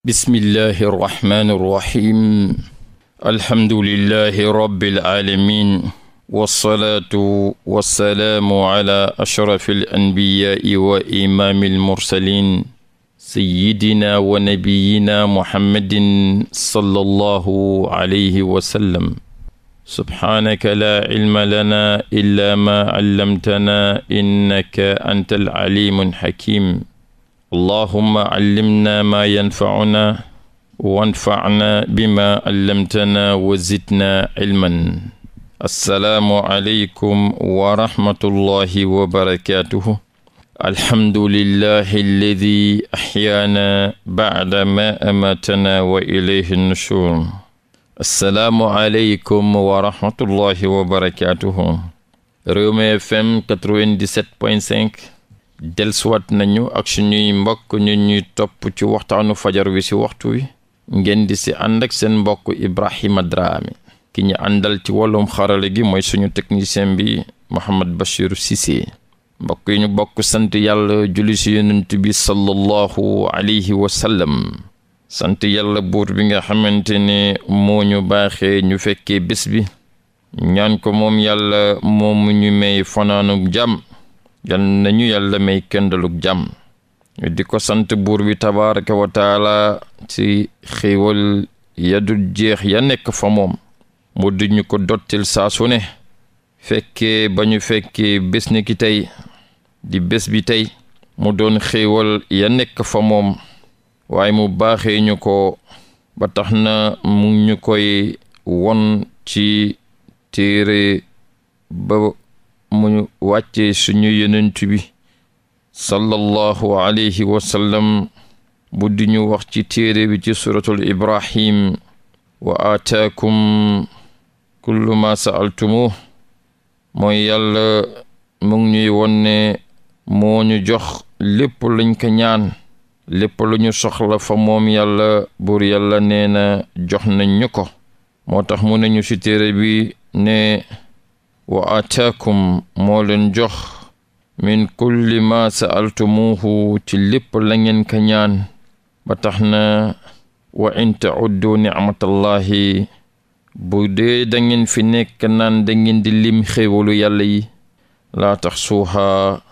bismillahi irrahmani irrahim alhamdulilahi rabiilalamin walsalaatu walsalaamu ala ashrafi alanbiyaai wa imaami almursalin sayidina wa nabiyina muhammadin sala allahu alayhi wasallam subhaanaka laa cilma lanaa illaa maa callamtanaa innaka anta alcalimu alxakim allahuma callimna maa yanfacunaa wanfacnaa bimaa callamtanaa wa zidnaa cilman assalaamu aleykum wa rahmatullahi wa barakaatuhu alhamdulillahi alladi axyaanaa bacda maa amaatanaa wa ilayhi nushuur assalaamu aleykum wa rahmatullahi wa barakaatuhu Rewmi FM 97.5 delsuwaat nañu ak suñuy mbokk ñu ñuy topp ci waxtaanu fajar wi si waxtu wi ngeen di si ànd seen mbokk Ibrahima Dramé ki ñu àndal ci wàllum xarale gi mooy suñu technicien bi Mouhamed Bachir Cissé mbokk yi ñu bokk sant yàlla julli si yonent bi sallallahu alayhi wa sallam sant yàlla buur bi nga xamante ne moo ñu baaxee ñu fekkee bés bi ñaan ko moom yàlla moomu ñu may fanaanub jàmm yal nañu yàlla may kendalug jàmm di ko sant buur bi tabaraka wa taala ci xéewal ya jeex ya nekk fa moom mu di ñu ko dottil saa ne fekkee ba ñu fekkee di bés bi tey mu doon xéewal ya nekk fa moom waaye mu baaxee ñu ko ba tax na mu koy won ci téere ba ñu wàccee suñu yonent bi sallallahu alayhi wa sallam bu di ñu wax ci téere bi ci suratul ibrahim wa aataakum kullu ma sa'altumuh mooy yàlla mu ngi ñuy wonne moo ñu jox lépp lañ ko ñaan lépp lu ñu soxla fa moom yàlla buur yàlla nee na jox nañ ñu ko moo tax mu ne ci téere bi ne wa ataakum jox min kulli ma sa'altumuuhu ci lépp la ngeen ka ñaan ba tax na wa in ta'uddu ni'matallahi bu dee da fi nekk naan da ngeen di lim xéewalu yàlla yi laa tax suuxa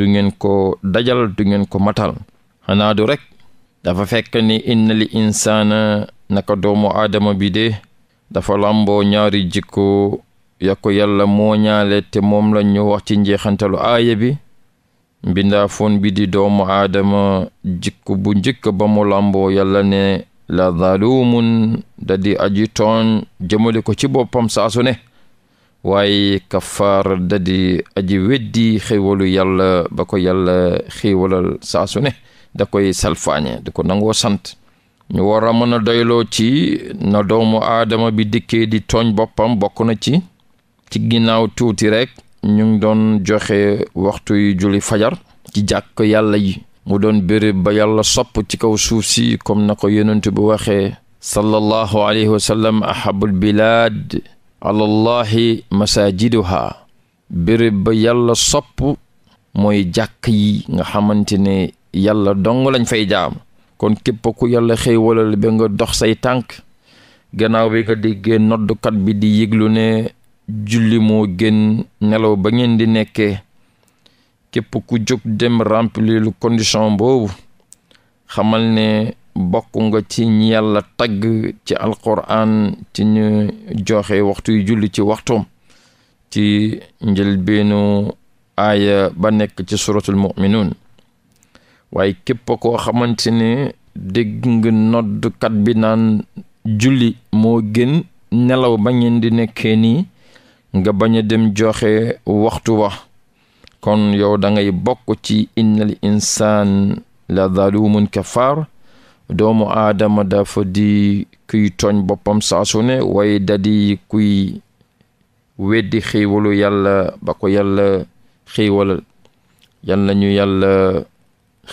ngeen ko dajal du ngeen ko matal xanaa du rek dafa fekk ni inna li insaana naka doomu aadama bi de dafa làmboo ñaari jikko ya ko yàlla moo ñaale te moom la ñu wax ci njeexantalu aaya bi mbindaafoon bi di doomu aadama jikko bu njëkk ba mu làmboo yàlla ne la zalumun da ko ci boppam saasu ne waaye kafaar da di aji weddi xéewalu yàlla ba ko yàlla xéewalal saasu ne da koy salfaañe da ko sant ñu war a mën a doyloo ci na doomu aadama bi dikkee di tooñ boppam bokk na ci ci ginnaaw tuuti rekk ñu ngi doon joxe waxtu yu julli fajar ci jàkk yàlla yi mu doon béréb ba yàlla sopp ci kaw suuf si comme na ko yonent bu waxee sallallahu alayhi wa sallam ahabul bilaad alallahi masajiduha béréb ba yàlla sopp mooy jàkk yi nga xamante ne yàlla dong lañ fay jaam kon képp ku yàlla xëy walal nga dox say tànk gannaaw bi nga déggee noddukat bi di yëglu ne julli moo gën nelaw ba ngeen di nekkee képp ku jóg dem remplir lu condition boobu xamal ne bokk nga ci ñi yàlla tagg ci alquran ci ñu joxe waxtu julli ci waxtoom ci njëlbeenu aaya ba nekk ci suratul muminuun waaye képp koo xamante ne dégg nga noddkat bi naan julli moo gën nelaw ba ngeen di nekkee nii nga bañ a dem joxe waxtu wa kon yow dangay bokk ci innal insaan la zalumun far doomu aadama dafa di kuy tooñ boppam saasu ne waaye dadi kuy weddi xéewalu yàlla ba ko yàlla xéewalal yal nañu yàlla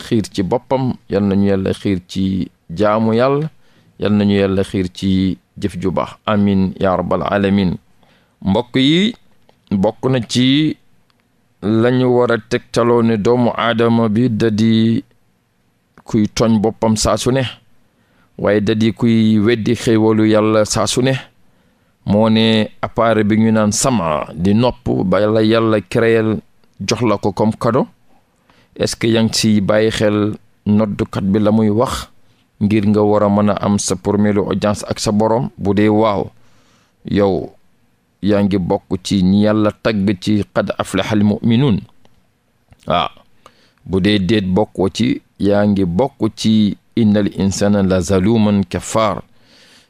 xiir ci boppam yal nañu yàlla xiir ci jaamu yàlla yal nañu yàlla xiir ci jëf ju baax amin ya rabbal mbokk yi bokk na ci lañu war a tegtaloo ne doomu aadama bi dadi kuy tooñ boppam saa su ne waaye dadi kuy weddi xéewalu yàlla saa su ne moo ne appareil bi ñu naan sama di nopp ba la yàlla créel jox la ko comme cadeau est-ce que yaa ngi ci bàyyi xel noddukat bi la muy wax ngir nga war a mën a am sa première audience ak sa borom bu dee waaw yow yaa ngi bokk ci ñi yàlla tagg ci qad aflaxal muminuun waaw bu dee déet bokkoo ci yaa ngi bokk ci indal insana la zaluman kafar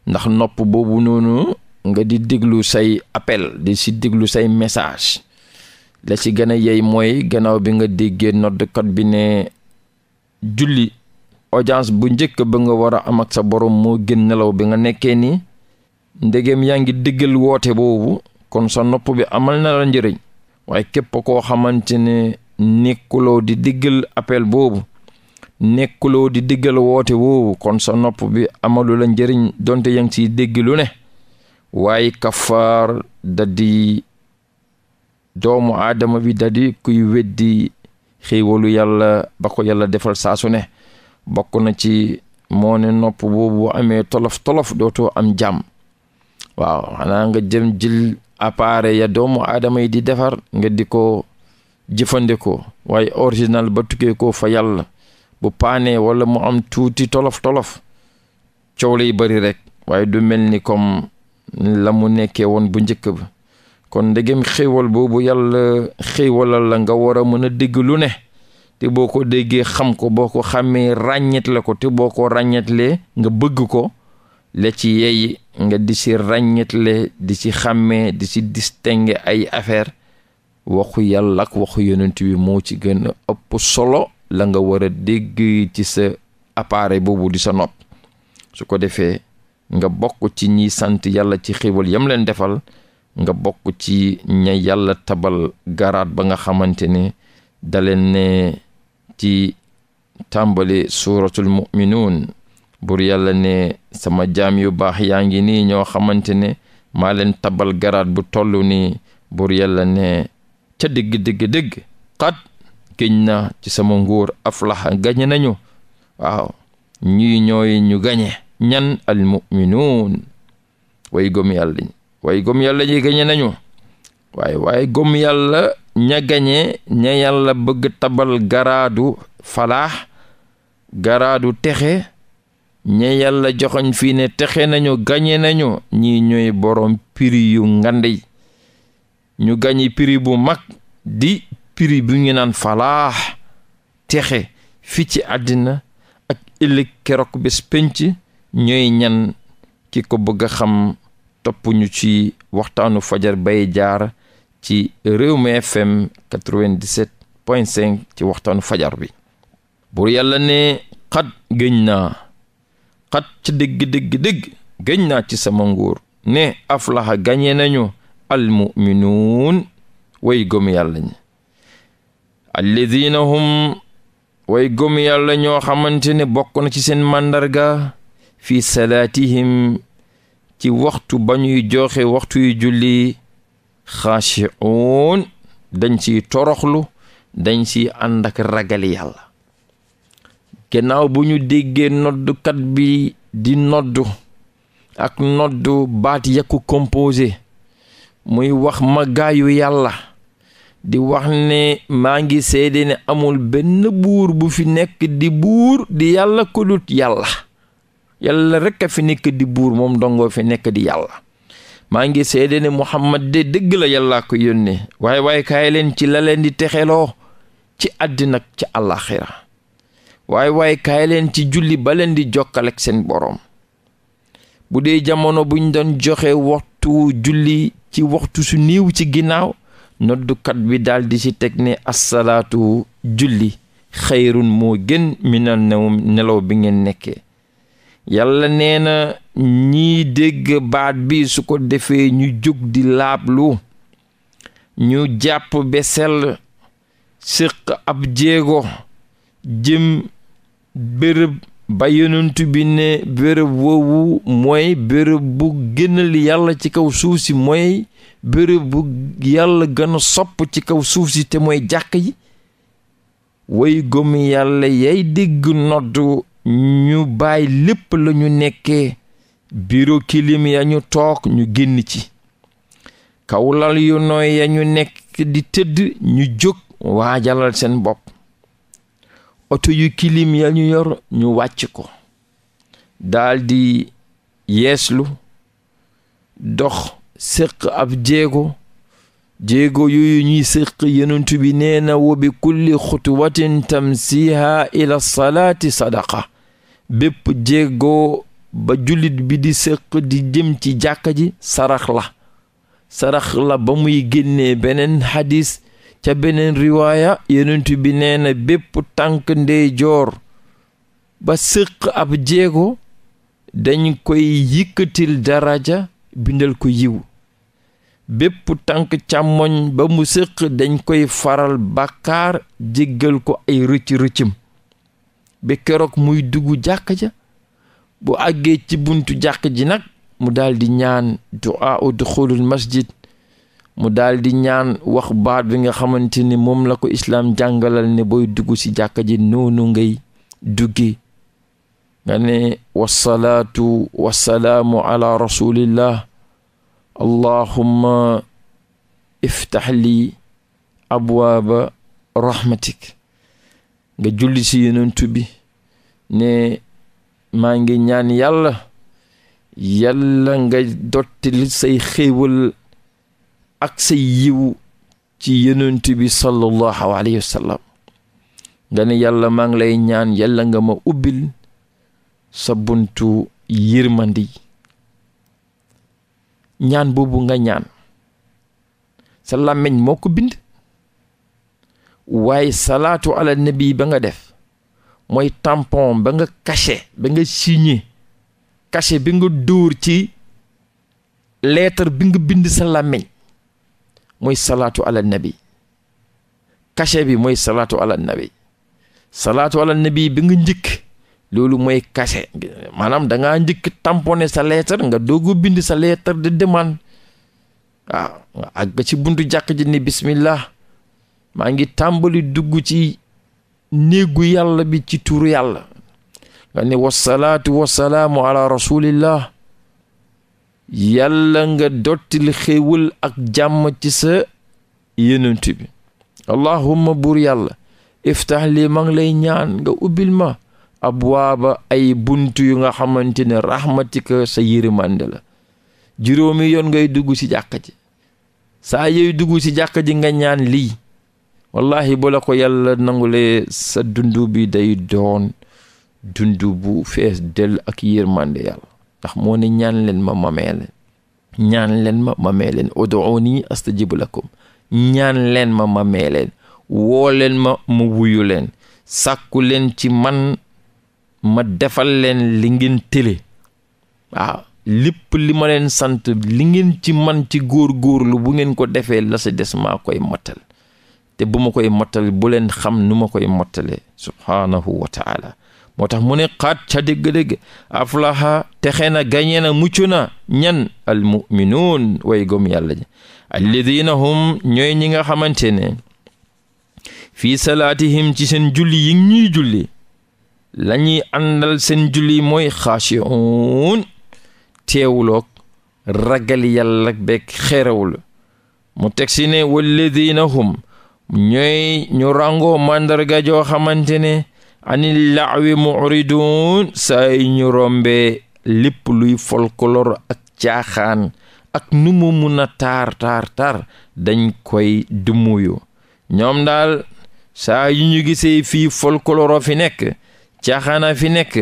ndax nopp boobu noonu nga di déglu say appel di si déglu say message la ci gën a yey mooy gannaaw bi nga déggee noddkat bi ne julli audience bu njëkk ba nga war a am ak sa borom moo gën nelaw bi nga nekkee nii ndegem yaa ngi déggal woote boobu kon sa nopp bi amal na la njëriñ waaye képp koo xamante ne nekkuloo di appel boobu nekkuloo di déggal woote boobu kon sa nopp bi amalu la njëriñ donte yaa ngi ciy dégg ne waaye kafaar da doomu aadama bi da di kuy weddi xéewalu yàlla ba ko yàlla defal saasu ne bokk na ci moone ne nopp boobu amee tolof tolof dootoo am jàmm waaw xanaa nga jëm jël appareil ya doomu aadama yi di defar nga di ko jëfandikoo waaye original ba tukkee ko fa yàlla bu paanee wala mu am tuuti tolof tolof coow yi bari rek waaye du mel ni comme la mu nekkee woon bu njëkk ba kon ndegem xéewal boobu yàlla xéewalal la nga war a mën a dégg lu ne te boo ko déggee xam ko boo ko xàmmee ràññet la ko te boo ko ràññetlee nga bëgg ko la ci yey nga di ci ràññetle di ci xàmmee di ci distinguer ay affaire waxu yàlla ak waxu yonent bi moo ci gën a ëpp solo la nga war a dégg ci sa appareil boobu di sa nopp su ko defee nga bokk ci ñi sant yàlla ci xéwal yam leen defal nga bokk ci ña yàlla tabal garaat ba nga xamante ne daleen ne ci tàmbali suuratul mu'minuun bur yàlla ne sama jaam yu baax yaa ngi nii ñoo xamante ne maa leen tabal garaat bu toll nii buur yàlla ne ca dëgg dégg dëgg xat géñ na ci sama nguur aflaxa gañe nañu waaw ñii ñooy ñu gañe ñan al muminuun way gom yàlla ñi yàlla ña gañe ña yàlla bëgg tabal garaadu falaax garaadu texe ñe yàlla joxoñ fii ne texe nañu gañe nañu ñi ñooy borom prix yu ngandi ñu gañi piri bu mag di piri bi ngi naan falaax texe fii ci àddina ak ëllëg keroog bés penc ñooy ñan ki ko bëgg a xam topp ci waxtaanu fajar bay jaar ci Rewmi FM 97.5 ci waxtaanu fajar bi. bur yàlla ne xat gëñ naa. xat ci dëgg-dëgg-dëgg gëñ naa ci sama nguur ne aflaxa gañe nañu almuminuun way gëm yàlla ñi alladina way gëm yàlla ñoo xamante ne bokk na ci seen màndarga fi salaatihim ci waxtu ba ñuy joxe waxtu yu julli xaachiuun dañ ci toroxlu dañ ci ànd ak ragal yàlla gannaaw bu ñu déggee noddukat bi di noddu ak noddu baat yakku composé muy wax màggaayu yàlla di wax ne maa ngi seede ne amul benn buur bu fi nekk di buur di yàlla ko dut yàlla yàlla rekk a fi nekk di buur moom dongoo fi nekk di yàlla maa ngi seede ne Muhammad de dëgg la yàllaa ko yónnee waaye waaye kaay leen ci la leen di texeloo ci àddina ak ci àllaaxira waay waaye kaay leen ci julli ba leen di jokkal seen boroom bu dee jamono buñ doon joxe waxtu julli ci waxtu su niiw ci ginnaaw noddukat bi daldi ci teg ne assalaatu julli xayrun moo gën minal new nelaw bi ngeen nekkee yàlla nee na ñiy dégg baat bi su ko defee ñu jóg di laablu ñu jàpp besel sëq ab jeego jëm bërëb ba yonent bi ne bërëb woowu mooy bërëb bu gënal yàlla ci kaw suuf si mooy bërëb bu yàlla gën a sopp ci kaw suuf si te mooy jàq yi way gëm yàlla yay dégg nodd ñu bàyyi lépp lañu ñu nekkee biro kilim ya ñu toog ñu génn ci kawlal yu nooy ya ñu nekk di tëdd ñu jóg waajalal seen bopp oto yu kilim ya ñu yor ñu wàcc ko daldi yeeslu dox sëq ab jéego jéego yooyu ñuy séq yenent bi nee na wa bi kulli xutuwatin tamsiha ila salaati sadaqa bépp jéego ba jullit bi di sëq di jëm ci jàkka ji sarax la sarax la ba muy génnee beneen xadis ca beneen riwaaya yonent bi nee na bépp tànk ndeyjoor ba sëq ab jéego dañ koy yëkkatil daraja bindal ko yiw bépp tànk càmmoñ ba mu sëq dañ koy faral bakkaar jéggal ko ay rëcc-rëccam ba keroog muy dugg jàkk ja bu àggee ci buntu jàkk ji nag mu daldi ñaan du'a u duxulul masjid mu daldi ñaan wax baat bi nga xamante ni moom la ko islaam jàngalal ne booy dugg ci jàkka ji noonu ngay duggi nga ne wasalaatu wasalaamu ala rasulillah allahumma iftax li abwaaba rahmatik nga julli ci yonent bi ne maa ngi ñaan yàlla yàlla nga dottili say xéewal ak sa yiw ci yonent bi sallallahu alayhi wa nga ne yàlla maa ngi lay ñaan yàlla nga ma ubbil sa buntu yërmandi ñaan boobu nga ñaan sa làmmiñ moo ko bind waaye salaatu ala nabi ba nga def mooy tampon ba nga cachet ba nga signé cachet bi nga dóor ci lettre bi nga bind sa làmmiñ mooy salaatu ala nabi cachet bi mooy salaatu ala nabi salaatu ala nabi bi nga njëkk loolu mooy cachet bi maanaam danga ngaa njëkk tamponné sa leetar nga doog bind sa lettre de demande waaw nga ci buntu jàkk ji ni bismillah maa ngi tàmbali dugg ci néegu yàlla bi ci turu yàlla nga ne wasalaatu wasalaamu ala rasulillah yàlla nga dottil xéewal ak jàmm ci sa yenant bi allahumma buur yàlla iftah lii ma lay ñaan nga ubbil ma abwaaba ay bunt yu nga xamante ne rahmatika sa yërmande la juróomi yoon ngay dugg ci jàkka ji saa yooyu dugg ci jàkka ji nga ñaan lii wallahi bu la ko yàlla nangulee sa dund bi day doon dundu bu fees dell ak yërmande yàlla ndax moo ne ñaan leen ma ma may leen ñaan leen ma ma may leen ud'uuni astajib lakum ñaan leen ma ma may leen woo leen ma ma wuyu leen sàkku leen ci man ma defal leen li ngeen tële waaw lépp li ma leen sant li ngeen ci man ci góor-góorlu bu ngeen ko defee la sa des maa koy mottal te bu ma koy mottal bu leen xam nu ma koy mottalee subhaanahu wa moo tax mu ne xaat ca dégg-dégg aflaha texe na gañe na mucc na ñan almuminuun way gom yàlla ji alladina hum ñooy ñi nga xamante ne fii salaatihim ci seen julli yi ñuy julli la ñuy àndal seen julli mooy xaashiun teewuloog ragal yàlla beeg xerewul mu teg si ne walladina hum ñooy ñu ràngoo màndarga joo xamante ne anil laawi muridun saay ñu rombe lépp luy folklore ak caaxaan ak nu mu taar taar taar dañ koy dumuyu ñoom daal saa yu ñu gisee fii folklore fi nekk caaxaana fi nekk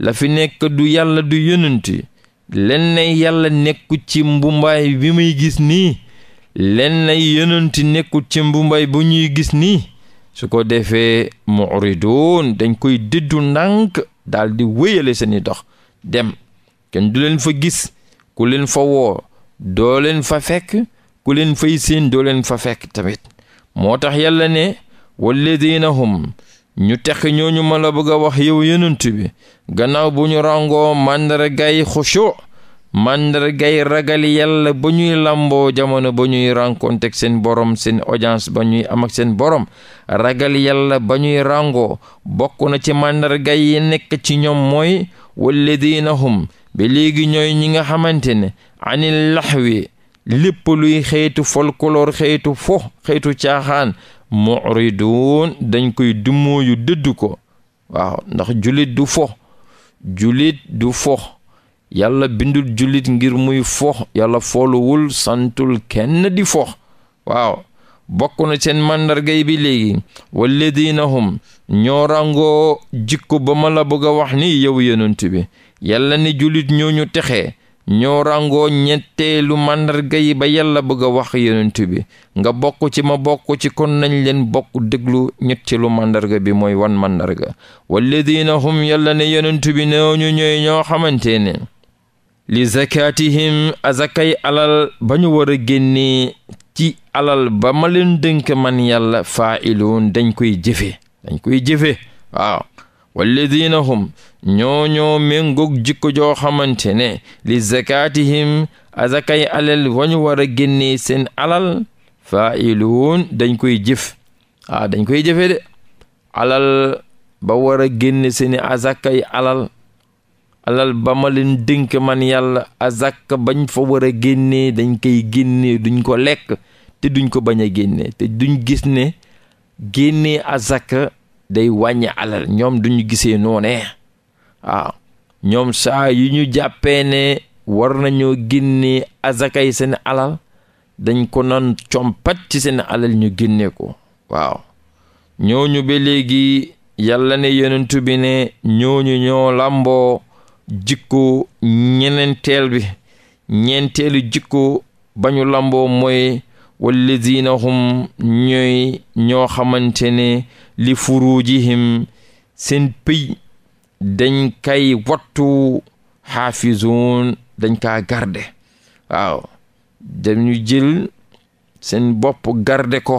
la fi nekk du yàlla du yonanti lenn yàlla nekku ci mbumbaay bi muy gis nii lenn yonanti nekku ci mbumbaay bu ñuy gis nii su ko defee muridoon dañ koy dëddu ndànk daal di wéyale seeni dox dem kenn du leen fa gis ku leen fa woo doo leen fa fekk ku leen fay seen doo leen fa fekk tamit moo tax yàlla ne walladina hum ñu teq ñooñu mala la bëgg a wax yow yonent bi gannaaw bu ñu ràngoo màndargaay xushu màndargay ragal yàlla ba ñuy làmboo jamono ba ñuy rencontre seen borom seen audience ba ñuy am seen borom ragal yàlla ba ñuy ràngoo bokk na ci màndargay yi nekk ci ñoom mooy walladina hum ba léegi ñooy ñi nga xamante ne anil laxwi lépp luy xeetu folklore xeetu fo xeetu caaxaan muridun dañ koy dumóoyu dëdd ko waaw ndax julit du fo julit du fo yàlla bindul julit ngir muy fox yalla fooluwul santul kenn di fox waaw bokk na seen màndargay bi léegi walladina hum ñoo rangoo jikko ba mala la bëgg a wax ni yow yonent bi yàlla ni jullit ñu texee ñoo rangoo ñetteelu màndarga yi ba yàlla bëgg a wax yonent bi nga bokk ci ma bokk ci kon nañ leen bokk déglu ñetteelu màndarga bi mooy wan màndarga walladina hum yàlla ne yonent bi ñooñu ñooy ñoo xamante ne li zakatihim azakay alal ba ñu war a génnee ci alal ba ma leen dënk man yàlla faa'iluun dañ koy jëfe dañ koy jëfe waaw hum ñoo ñoo méngoog jikko joo xamante ne li zakatihim azakay alal ba ñu war a génnee seen alal faa'iluun dañ koy jëf waaw dañ koy jëfe de alal ba war a génne seeni azakay alal alal ba ma leen dénk man yàlla azàkk bañ fa war a génnee dañ koy génnee duñ ko lekk te duñ ko bañ a génnee te duñ gis ne génnee azàkk day wàññi alal ñoom duñu gisee noone waaw ñoom saa yu ñu jàppee ne war nañoo génnee yi seen alal dañ ko nan compat ci seen alal ñu génne ko waaw ñooñu ba léegi yàlla ne yonentu bi ñooñu ñoo làmboo jikko ñeneenteel bi ñeenteelu jikko bañu lamboo mooy wallazina hum ñooy ñoo xamante ne li furujihim seen pëy dañ kay wattu xaafizuun dañ kaa garde waaw dañu jël seen bopp garde ko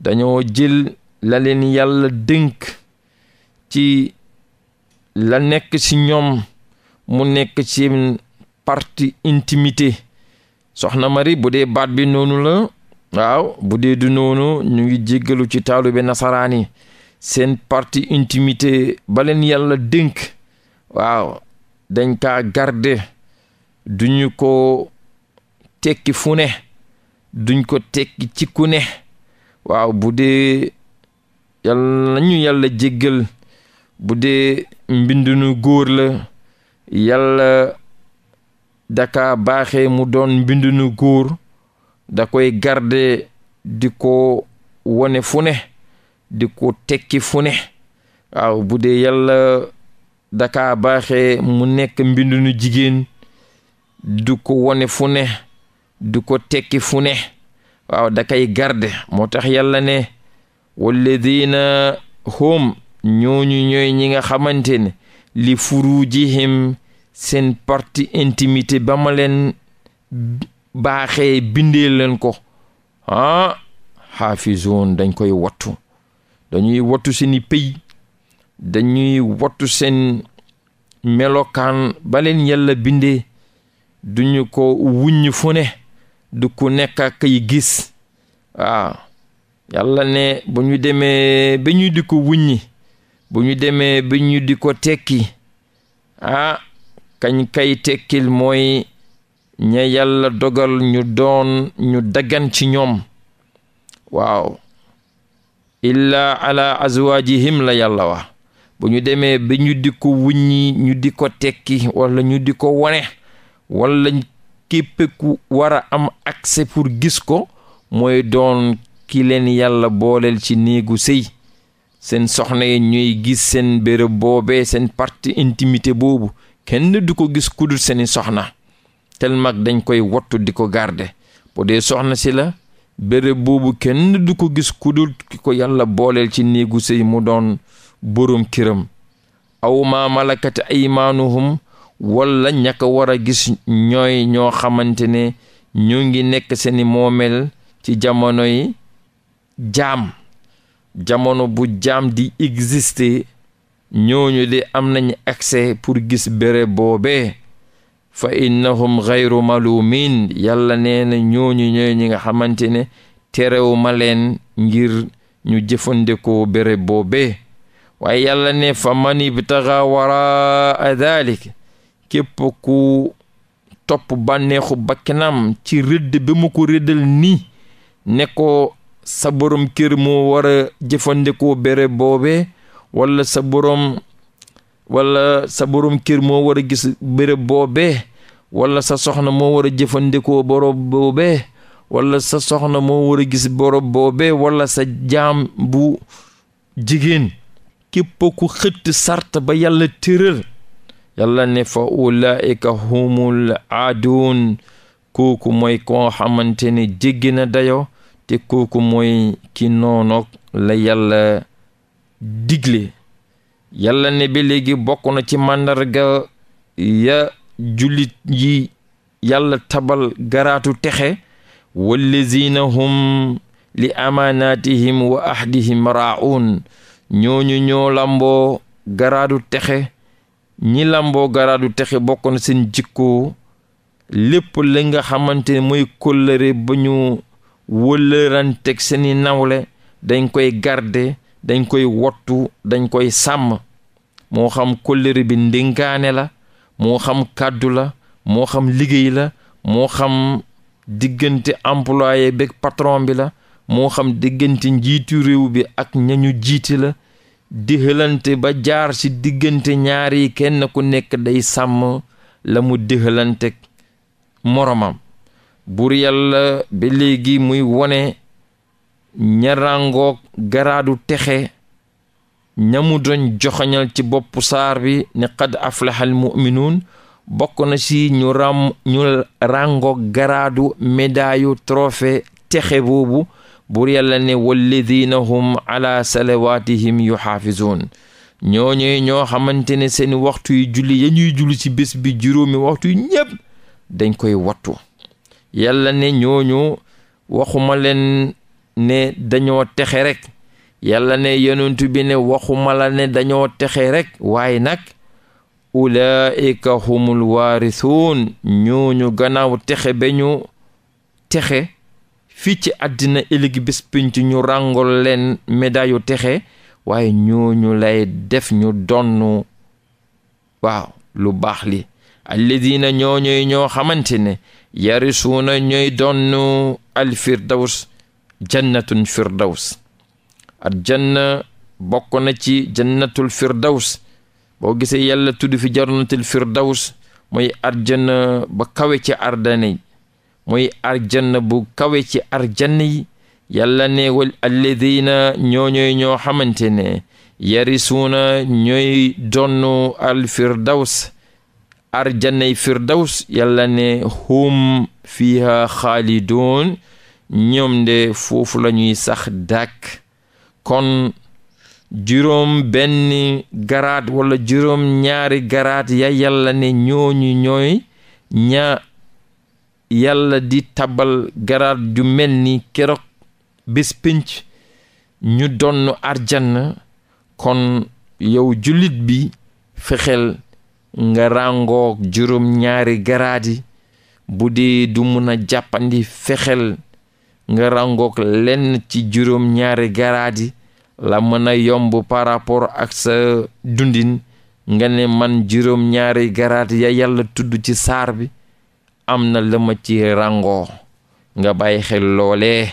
dañoo jël la leen yàlla dënk ci la nekk ci ñoom mu nekk ci partie intimité soxna mari bu dee baat bi noonu la waaw bu dee du noonu ñu ngi jéggalu ci taalu bi nasaraan yi seen parti intimité baleen yàlla dénk waaw dañ kaa garde duñu ko tekki fu ne duñ ko tekki ci ku ne waaw bu dee yàlla nañu yàlla jéggal bu dee mbindunu góor la yàlla daka baaxee mu doon mbindunu góor da koy garde di ko wone fu ne di ko tekki fu ne waaw bu dee yàlla daka baaxee mu nekk mbindunu jigéen du ko wone fu ne du ko tekki fu ne waaw da garde moo tax yàlla ne walladina hum ñooñu ñooy ñi nga xamante ne li furujihim seen parti intimité ba ma leen baaxee bindee leen ko ah xaafizoon dañ koy wattu dañuy wattu seeni pey dañuy wattu seen melokaan ba leen yàlla bindee duñu ko wuññ fu du ku nekk kay gis waaw ah, yàlla ne bu ñu demee ba ñu di ko wuññi bu ñu demee ba ñu di ko tekki ah kañ kay tekkil mooy ña yàlla dogal ñu doon ñu daggan ci ñoom waaw illaa ala azwaajihim la yàlla wax bu ñu demee ba ñu di ko wuññi ñu di ko tekki wala ñu di ko wone wala képp ku war am accès pour gis ko mooy doon ki leen yàlla booleel ci néegu sëy seen soxna yi ñuy gis seen béréb boobe seen parti intimité boobu kenn du ko gis ku seeni soxna tel mag dañ koy wattu di ko garde bu dee soxna si la béréb boobu kenn du ko gis ku dul ki ko yàlla booleel ci néegu sëy mu doon borom këram aw maa malakati aymaanuhum wala ña ko war a gis ñooy ñoo xamante ne ñu ngi nekk seeni moomeel ci jamonoy jaam jamono bu jaam di exister ñooñu de am nañu accès pour gis béré boobe fa innahum gayru malumin yàlla nee na ñooñu ñooy ñi nga xamante ne terew ma leen ngir ñu jëfandikoo béré boobee waaye yàlla ne fa bi ibtaga waraa dalik képp ku topp bànneexu bakkanam ci rëdd bi mu ko rëddal nii ne ko sa borom kër moo war a jëfandikoo béré boobe wala sa borom wala sa borom kër moo war a gis béréb boobee wala sa soxna moo war a jëfandikoo borom boobee wala sa soxna moo war a gis borom boobee wala sa jaam bu jigéen képp ku xëtt sart ba yàlla tëral yàlla ne fa ulaika humul aadun kooku moy ko xamante ne jéggi na dayo te kooku mooy ki noonoog la yàlla digle yàlla ne ba léegi bokk na ci màndarga ya jullit yi yàlla tabal garaatu texe wallazina hum li amaanaatihim wa ahdihim raa'uun ñooñu ñoo lamboo garaadu texe ñi lamboo garaadu texe bokk seen jikkoo lépp li nga xamante moy mooy kóllëre ba ñu wëllëranteeg seeni nawle dañ koy garde dañ koy wottu dañ koy sàmm moo xam kóllëre bi ndénkaane la moo xam kàddu la moo xam liggéey la moo xam diggante employé beeg patron bi la moo xam diggante njiitu réew bi ak ñañu jiite la di hëlante ba jaar ci diggante ñaari kenn ku nekk day sàmm la mu di hëlante moromam buur yàlla ba léegi muy wone ña ràngoog garaadu texe ñamu joxoñal ci boppu saar bi ne qad aflaxal muminuun bokk na si ñu ram garaadu médaayu trophée texe boobu bur yàlla ne walladina hum ala salawatihim yuxaafizuun ñooñu ñoo xamante ne seen waxtu yu julli ya ñuy julli ci bés bi juróomi waxtu ñépp dañ koy wattu yàlla ne ñooñu waxuma ne dañoo texe rekk yàlla ne yonentu bi ne waxu la ne dañoo texe rekk waaye nag ulaika humul waarisuun ñooñu gannaaw texe ba ñu texe fii ci àddina ëllëg bés pénc ñu ràngol leen médaille texe waaye ñu lay def ñu donn waaw lu baax li alladina ñooñuy ñoo xamante ne yarisuuna ñooy donn alfirdaws jannatun firdaws at janna bokk na ci jannatul firdaws boo gisee yàlla tudd fi jannatul firdaws mooy arjana ba kawe ci ardane yi mooy bu kawe ci arjana yi yàlla ne wal alladina ñoo ñooy xamante ne yarisuuna ñoy donnu al firdaws arjanay firdaws yàlla ne hum fiha xaalidoon ñoom de foofu la ñuy sax dàkk kon juróom benn garaat wala juróom ñaari garaat ya yàlla ne ñooñu ñooy ña yàlla di tabal garaat ju mel ni keroog bés ñu donn arjanna kon yow julit bi fexeel nga ràngoog juróom ñaari garaadi bu di du mun a jàppandi fexeel nga rangoog lenn ci juróom ñaari garaadi la mën a yomb par rapport ak sa dundin nga ne man juróom ñaari garaadi ya yàlla tudd ci saar bi am na la ci rangoo nga bàyyi xel loolee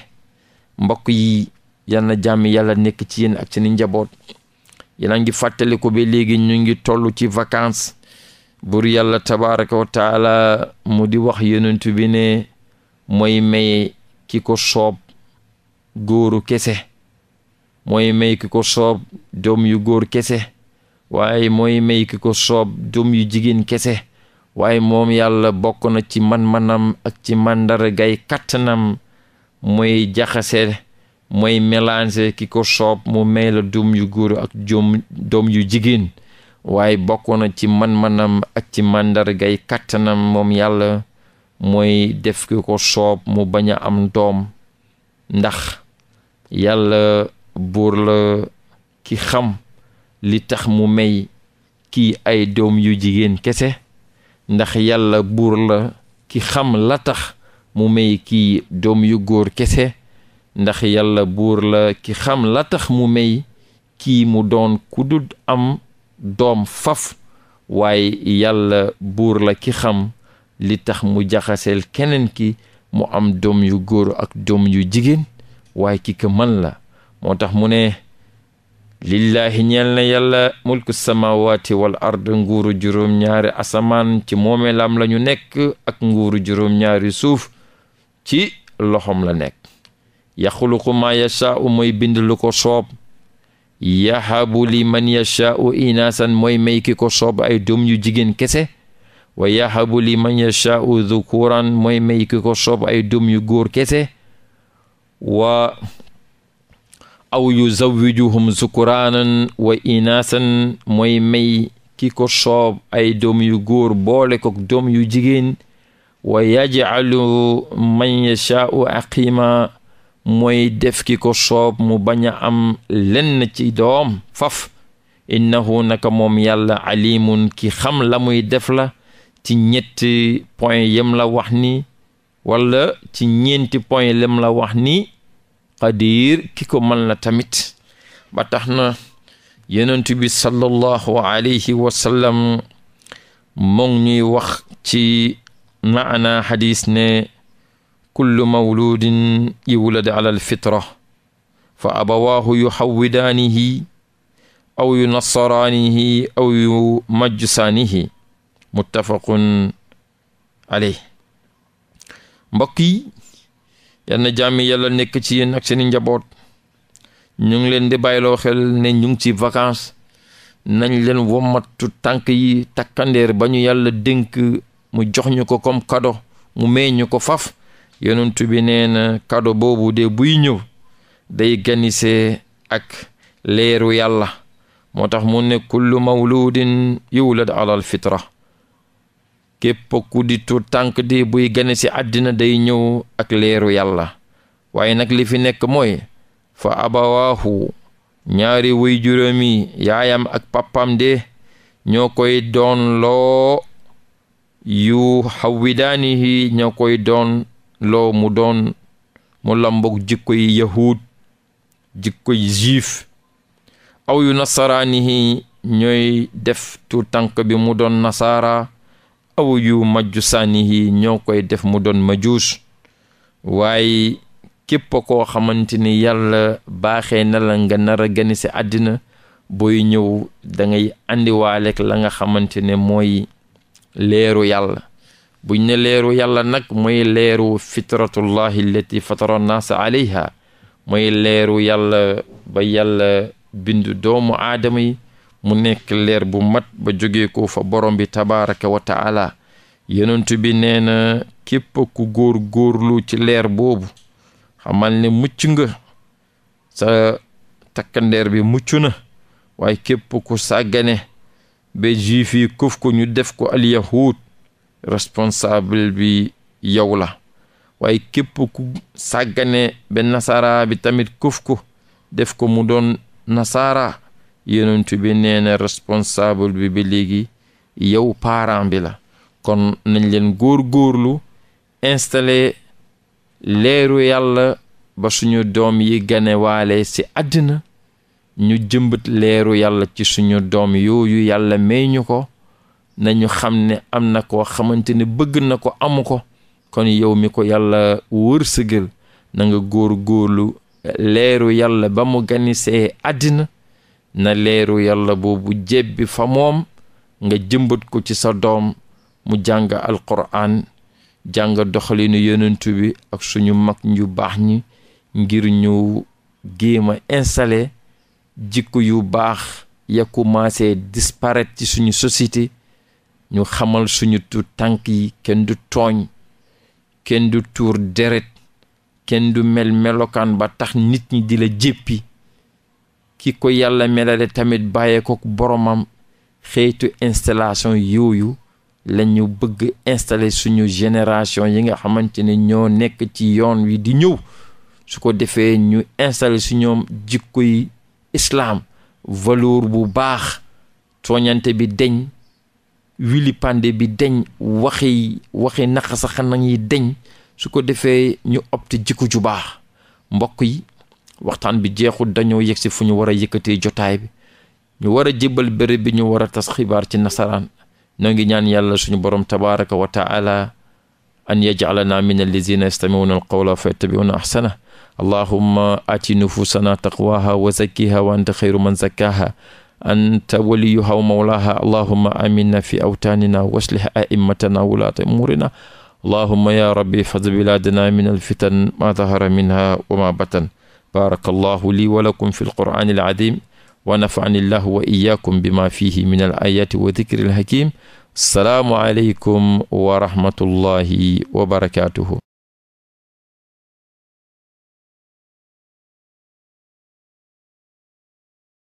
mbokk yi yal na jàmm yàlla nekk ci yéen ak seeni njaboot yéen ngi fàttali ko ba léegi ñu ngi tollu ci vacances buur yàlla tabaraka wa mu di wax yonent bi ne mooy may ki ko soob góoru kese mooy may ki ko soob doom yu góor kese waaye mooy may ki ko soob doom yu jigéen kese waaye moom yàlla bokk na ci man-manam ak ci màndargay kàttanam mooy jaxase mooy mélange ki ko soob mu may doom yu góor ak doom yu jigéen waaye bokk na ci man-manam ak ci màndargay kàttanam moom yàlla mooy def ki ko soob mu bañ a am doom ndax yàlla buur la ki xam li tax mu may kii ay doom yu jigéen kese ndax yàlla buur la ki xam la tax mu may kii doom yu góor kese ndax yàlla buur la ki xam la tax mu may kii mu doon ku dul am doom faf waaye yàlla buur la ki xam li tax mu jaxaseel keneen ki mu am doom yu góor ak doom yu jigéen waaye ki ko man la moo tax mu ne lillaahi ñeel na yàlla mulku samawaati wal ard nguuru juróom-ñaari asamaan ci moomeelam la ñu nekk ak nguuru juróom-ñaari suuf ci loxoom la nekk yaxluqu maa yashaa'u mooy bind lu ko soob yahabu li man yashaa'u inaasan mooy may ki ko soob ay doom yu jigéen kese wa yahabu li man yashaau dhukuran mooy may ki ko soob ay doom yu góor kese wa aw yuzawwijuhum zukuraanan wa inaasan mooy may ki ko soob ay doom yu góor boole ko doom yu jigéen wa yajcalu man yashaau aqima mooy def ki ko soob mu bañ a am lenn ci doom faf innahu naka moom yàlla alimun ki xam la muy def la ci ñetti point yem la wax ni walla ci ñeenti point yem la wax ni qadir ki ko mën la tamit ba tax na yenentu bi sallallahu alayhi wa sallam moom ñuy wax ci maana xadis ne kullu mawludin yulad ala alfitra fa abawaahu yuxawwidaanihi aw yu nasaraanihi aw yu majjusaanihi muttafaqun aley mbokk yi yal na jàmm yàlla nekk ci yenn ak seeni njaboot ñu ngi leen di bayloo xel ne ñu ci vacances nañ leen womattu tànk yi takkandeer ba ñu yàlla dénk mu jox ñu ko comme kado mu may ñu ko faf yonent bi nee kado boobu de buy ñëw day ganisee ak leeru yàlla moo tax mu ne kullu mawludin yulad ala al fitra képp ku di tuut di buy gane ci àddina day ñëw ak leeru yàlla waaye nag li fi nekk mooy fa abawaahu ñaari wuy juróomi yaayam ak pappam de ñoo koy doon loo yu xawwidaanihi ñoo koy doon loo mu doon mu lambog jikko yi yahuud jikko yi juif aw yu ñooy def tuut tànk bi mu doon nasara aw yu majju sànni yi ñoo koy def mu doon majuus waaye képp koo xamante ni yàlla baaxee na la nga nar gani si àddina booy ñëw dangay ngay àndiwaaleek la nga xamante ne mooy leeru yàlla bu ne leeru yàlla nag mooy leeru fitratullahi allati fatara naasa alayha mooy leeru yàlla ba yàlla bindu doomu aadama yi mu nekk leer bu mat ba jóge ko fa borom bi tabaraka wa taala yonent bi nee na képp ku góor góorlu ci leer boobu xamal ne mucc nga sa takkandeer bi mucc na waaye képp ku sàggane ba juif yi ñu def ko alyahud responsable bi yow la waaye képp ku sàggane ba nasara bi tamit këf ko def ko mu doon nasara yonent bi nee na responsable bi léegi yow parent bi la kon nañ leen góor-góorlu installé leeru yàlla ba suñu doom yi ganewaale ci àddina ñu jëmbët leeru yàlla ci suñu doom yooyu yàlla may ñu ko nañu xam ne am na koo xamante ni bëgg na ko amu ko kon yow mi ko yàlla wërsëgal na nga góor góorlu leeru yàlla ba mu ganisee àddina na leeru yàlla boobu jebbi fa moom nga jëmbat ko ci sa doom mu jàng alquran jàng doxalinu yonentu bi ak suñu mag ñu baax ñi ngir ñu géema installé jikko yu baax ya commencé disparaître ci suñu société ñu xamal suñu tu tànk yi kenn du tooñ kenn du tuur deret kenn du mel melokaan ba tax nit ñi di la jéppi ki ko yàlla melale tamit bàyyee ko boromam xeetu installation yooyu la ñu bëgg installer suñu génération yi nga xamante ne ñoo nekk ci yoon wi di ñëw su ko defee ñu installer suñoom ñoom yi islaam valeur bu baax tooñante bi deñ wilipande bi deñ waxi waxi naqasaxanañ yi deñ su ko defee ñu opt jikko ju baax mbokk yi waxtaan bi jeexul dañoo yegg si fu ñu war a yëkkatee jotaay bi ñu war a jébbal béréb bi ñu war a tas xibaar ci nasaraan noo ngi ñaan yàlla suñu borom tabaraka wa taala an yaj'alana min allazina yastami'una allahumma ati nufusana taqwaha wa zakkiha wa anta xayru man zakkaha anta waliyuha wa mawlaha allahumma aminna fi awtanina wa aslih a'immatana wulaata umurina allahumma ya rabbi fadh min alfitan ma dahara minha wa ma batan baaraka allahu lii walakum fi alqur'ani alazim wa nafani llahu wa iyakum bima fihi min al ayati wa dikri alhakim salaamu aleykum wa rahmatullahi wa barakatuhu